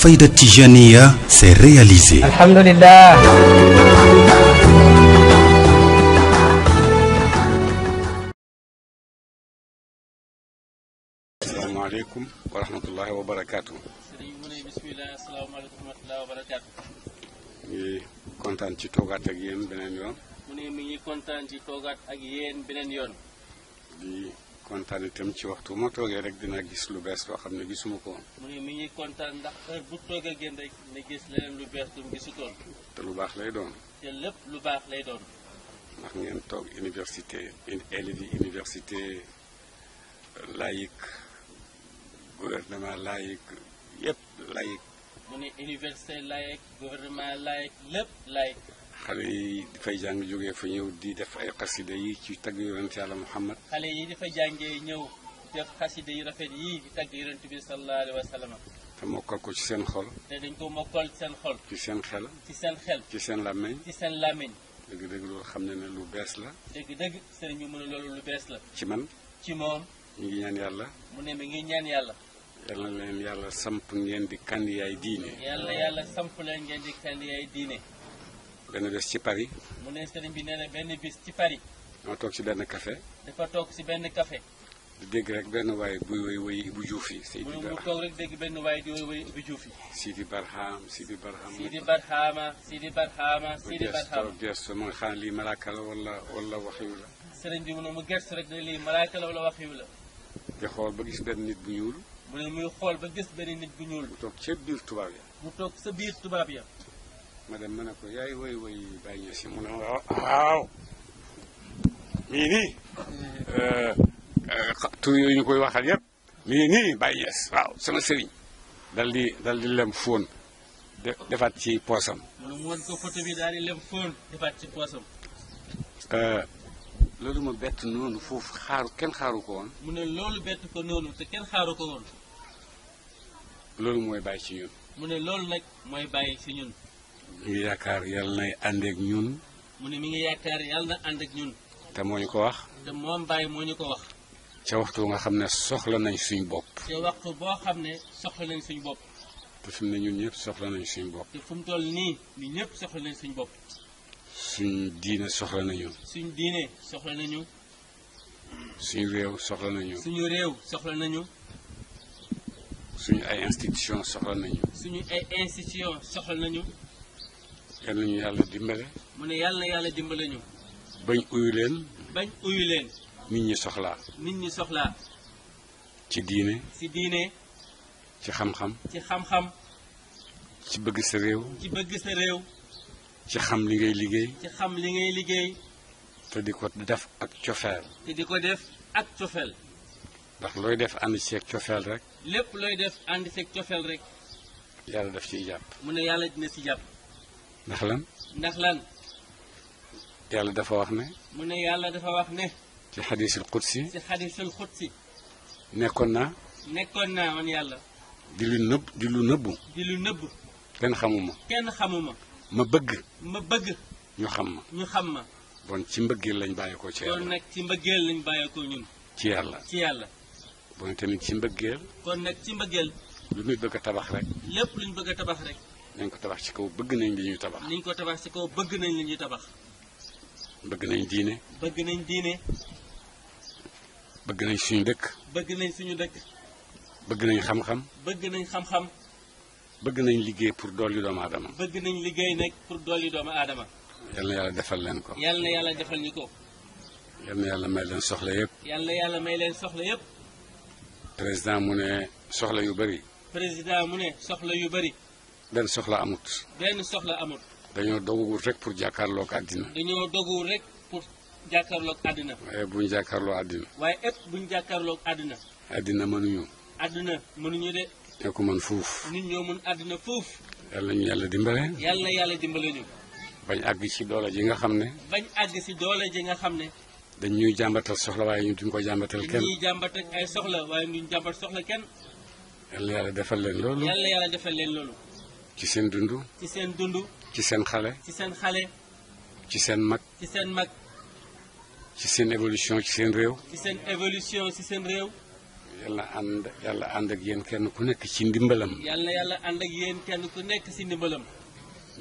Fayda Tijaniya s'est réalisée. Alhamdulillah. asalaamaaleykum wa rahmatullahi wa barakaatu. ngi kontaan ci toogaat ak yéen beneen yoon. mu ne mi ngi kontaan ci toogaat ak yéen beneen yoon. kontaan itam ci waxtu bu ma toogee rek dina gis lu bees loo xam ne gisuma ko mu ne mi ngi kontaan ndax heure bu toogee génn rek na gis leneen lu bees lu mu gisutoon. te lu baax lay doon. te lépp lu baax lay doon. ndax ngeen toog université élèves yi université laïque gouvernement laïque yëpp laïque. mu ne université laïque gouvernement laïque lépp laïque. xale yi dafay jàng jógee fa ñëw di def ay xasida yi ci tagg yonent yàlla Muhammad xale yi dafay jàngee ñëw def xasida yu rafet yi di tagg yonent bi sallallahu alayhi wa sallam te mokkal ko ci seen xol te dañ ko mokkal seen xol ci seen xel ci seen xel ci seen làmmiñ ci seen làmmiñ dëgg-dëgg loolu xam ne ne lu bees la dëgg-dëgg sëriñ bi mu ne loolu lu bees la ci man ci moom ñu ngi ñaan yàlla mu ne mi ngi ñaan yàlla yàlla leen yàlla samp ngeen di kandiyaay diine yàlla yàlla samp leen ben bés ci Paris. mu ne serigne bi neena ben benn bés ci Paris. dama tok ci ben café. dafa tok ci ben café. di deg rek ben way bu way way bu Diouf yi. Seydi Barham mu tok rek deg ben way di way way bu Diouf yi. Seydi Barham Seydi Barham. Seydi Barhama Seydi Barhama Seydi barham mu gestu mo xan li malaka la wala wala waxiw la. serigne bi mu ne mu gestu rek ne lii malaaka la wala waxiw la. di xol ba gis ben nit bu ñuul. mu ne muy xol ba gis ben nit bu ñuul. tok ci bir biir tubaab ya. mu tok sa bir tubaab ya. ma dem ma ne ko yaay woy woy bàyyi ña si mu ne waaw waaw eh, koy waxal yëpp mii nii bàyyi ñees waaw di dal lem fóon defaat defaat ci poosam eh, loolu ma bett mu ne loolu bett ko kenn xaaru ko mu ne loolu nag mooy bàyyi ci ñun mi ngi yaakaar yàlla nay ànd ak ñun. mu ne mi ngi yaakaar yàlla na ànd ak ñun. te moo ñu ko wax. te moom Baye moo ñu ko wax. ca waxtu nga xam ne soxla nañ suñ bopp. te waxtu boo ne soxla nañ suñ bopp. te fi mu ñëpp soxla nañ suñ bopp. te fu toll nii ñun ñëpp soxla nañ suñ bopp. suñ diine soxla nañu. suñ diine soxla nañu. suñu réew soxla nañu. suñu réew soxla nañu. suñu ay institution soxla nañu. soxla nañu. yal nañu yàlla dimbale. mu ne yàlla yàlla dimbale ñu. bañ uyu leen. nit ñi soxla nit ñi soxla ci diine. ci diine. ci xam-xam. ci xam-xam. ci bëgg sa réew. ci bëgg sa réew. ci xam li ngay liggéey. ci li ngay liggéey. te di ko def ak cofeel. te di ko def ak cofeel. ndax looy def ànd ci ak cofeel rek. lépp looy def ànd ci ak cofeel rek. yàlla def ciy jàpp. mu ne yàlla dina ci jàpp. ndax lan ndax lan yàlla dafa wax ne mu ne yàlla dafa wax ne ci xadiisul xudsi ci xadiisul xudsi nekkoon naa nekkoon naa man yàlla di lu nëbb di lu nëbbu di lu nëbbu kenn xamuma kenn xamuma ma bëgg ma bëgg ñu xam ma ñu xam ma bon ci mbëggeel lañ bàyyeekoo ci yàlla kon nag ci mbëggeel lañ bàyyeekoo ñun ci yàlla ci yàlla bon tamit ci mbëggeel kon nag ci mbëggeel lu muy bëgg a tabax rek lépp luñ bëgg a tabax rek nañ ko tabax ci kaw bëgg nañ li ñu tabax. nañ ko tabax ci kaw bëgg nañ li ñuy tabax. bëgg diine. bëgg nañ diine. bëgg nañ suñu dëkk. bëgg nañ suñu dëkk. bëgg nañ xam-xam. bëgg nañ xam-xam. bëgg nañ liggéey pour dool yi doomu aadama. bëgg nañ liggéey nag pour dool yi doomu aadama. yal na yàlla defal leen ko. yal na yàlla defal ñu ko. yal na yàlla may leen soxla yëpp. yàlla yàlla may leen soxla yëpp. président mu ne soxla yu bari. président mu ne soxla yu bari. benn soxla amut. benn soxla amut. dañoo doguwul rek pour jàkkaarloog àddina. dañoo doguwul rek pour jàkkaarloog àddina. waaye buñ jàkkaarloo àddina. waaye ëpp buñ àddina. àddina mënuñu. àddina mënuñu de. ñoo ko mën fuuf. nit ñoo mën àddina fuuf. yàlla ñu yàlla dimbale. yàlla yàlla dimbale ñu. bañ àgg ci doole ji nga xam ne. bañ àgg ci doole ji nga xam ne. dañ ñuy jàmbatal soxla waaye ñu duñ ko jàmbatal kenn. ñuy jàmbat ak ay soxla waaye duñ jàmbat soxla kenn. yàlla yàlla defal leen loolu. yàlla yàlla ci seen dund. ci seen dund. ci seen xale. ci seen xale. ci seen mag. ci seen mag. ci seen évolution ci seen réew. ci seen évolution ci seen réew. yàlla ànd yàlla ànd ak yéen kenn ku nekk ci ndimbalam. yàlla yàlla ànd ak kenn ku nekk ci ndimbalam.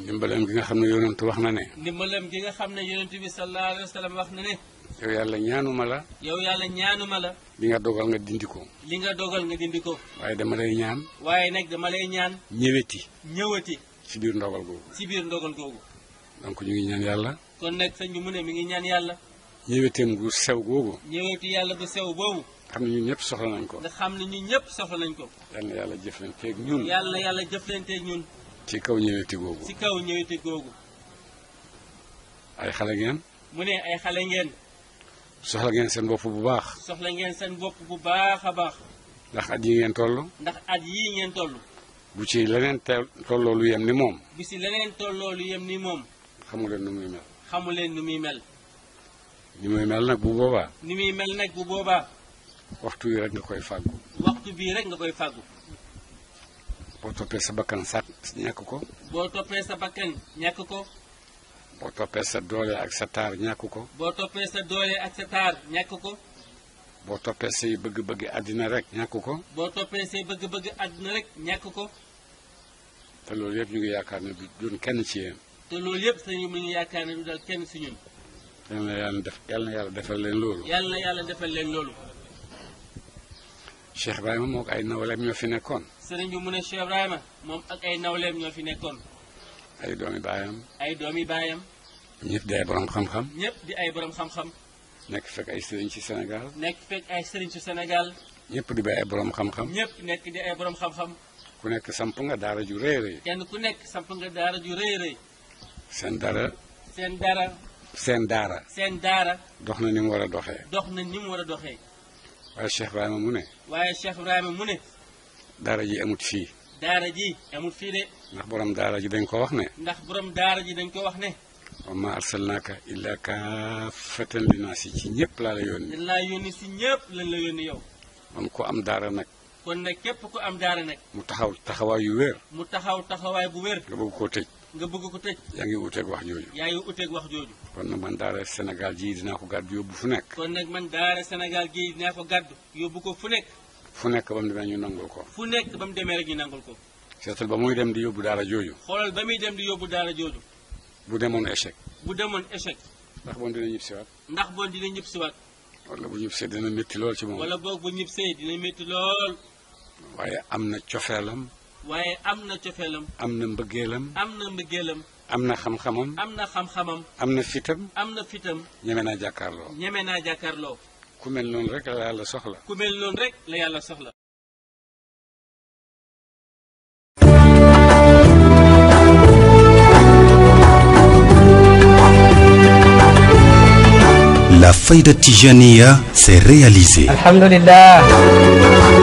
ndimbalam gi nga xam ne yonent wax na ne. ndimbalam gi nga xam ne yonent bi sallallahu alayhi wax na ne. yow yàlla ñaanuma la. yow yàlla ñaanu ma la. li nga dogal nga dindi ko. li nga dogal nga dindi ko. waaye dama lay ñaan. waaye nag dama lay ñaan. ñëweti. ñëweti. ci biir ndogal googu. ci biir ndogal googu. donc ñu ngi ñaan yàlla. kon nag sëñ bi mu ne mi ngi ñaan yàlla. ñëweteem gu sew googu. ñëweti yàlla bu sew boobu. xam ne ñun ñëpp soxla nañ ko. nga xam ne ñun ñëpp soxla nañ ko. yal na yàlla jëflanteeg ñun. yàlla yàlla jëflanteeg ñun. ci kaw ñëweti googu. ci kaw ñëweti googu. ay xale soxla ngeen seen bopp bu baax. soxla ngeen seen bopp bu baax a baax. ndax at yi ngeen tollu ndax at yii ngeen tollu bu ci leneen tolloo lu yem ni moom. bu ci leneen tolloo lu yem ni moom. xamu leen nu muy mel. xamu leen nu muy mel. ni muy mel nag bu boobaa. ni muy mel nag bu boobaa. waxtu yi rek nga koy fàggu. waxtu bii rek nga koy fàggu. boo toppee sa bakkan sàkk ñàkk ko. boo toppee sa bakkan ñàkk ko. boo toppee sa doole ak sa taar ñàkk ko. boo toppee sa doole ak sa taar ñàkk ko. boo toppee say bëgg-bëgg àddina rek ñàkk ko. boo toppee say bëgg-bëgg àddina rek ñàkk ko. te loolu yëpp ñu ngi yaakaar ne du doon kenn ci yéen. te loolu yëpp sëñ mu ngi yaakaar ne du dal kenn si ñun. yàlla def yal na yàlla defal leen loolu. yal na yàlla defal leen loolu. Cheikh Ibrahima moo ak ay nawleem ñoo fi nekkoon. sëriñ bi mu ne Cheikh Ibrahima moom ak ay nawleem ñoo fi nekkoon. ay doomi baayam. ay doomi baayam. ñëpp di ay borom xam-xam. ñëpp di ay boroom xam-xam. nekk fekk ay sëriñ ci Sénégal. nekk fekk ay sëriñ ci senegal ñëpp di ay boroom xam-xam. ñëpp nekk di ay boroom xam-xam. ku nekk samp nga daara ju rëy rëy. kenn ku nekk samp nga daara ju rëy rëy. seen dara. seen dara. daara. seen daara. dox na ni mu war a doxee. dox na ni mu war a doxee. waaye Cheikh Ibrahima mu ne. waaye Cheikh Ibrahima mu ne. daara ji amut fii. daara ji amul fii de. ndax borom daara ji dañ ko wax ne. ndax borom daara ji dañ ko wax ne. wa ma arsalnaaka illaa kaafatan linnaasi ci ñëpp laa la yónni. laa yónni si ñëpp lañ la yónni yow. kon ku am daara nag. kon nag képp ku am daara nag. mu taxaw taxawaay yu wér. mu taxaw taxawaay bu wér. nga bëgg koo tëj. nga bëgg ko tëj. yaa ngi uteeg wax jooju. yaa ngi uteeg wax jooju. kon nag man daara Sénégal jii dinaa ko gàddu yóbbu fu nekk. kon nag man daara senegal jii dinaa ko gàdd yóbbu ko fu nekk. fu nekk ba mu demee ñu nangul ko. fu nekk ba demee rek ñu nangul ko. seetal ba muy dem di yóbbu daara jooju. xoolal ba muy dem di yóbbu daala jooju. bu demoon échec. bu demoon échec. ndax bon dina ñib siwaat. ndax bon dina ñib siwaat. wala bu ñib see dina métti lool ci moom. wala boog bu ñib see dina métti lool. waaye am na cofeelam. waaye am na cofeelam. am na mbëggeelam. am na mbëggeelam. am na xam-xamam. am na xam-xamam. am na fitam. am na fitam. ñeme naa jàkkaarloo. ñeme naa jàkkaarloo. ku mel noonu rek la yalla soxla. ku mel noonu rek la yalla soxla. La Faïda Tijaniya s'est réalisée. Alhamdulillah.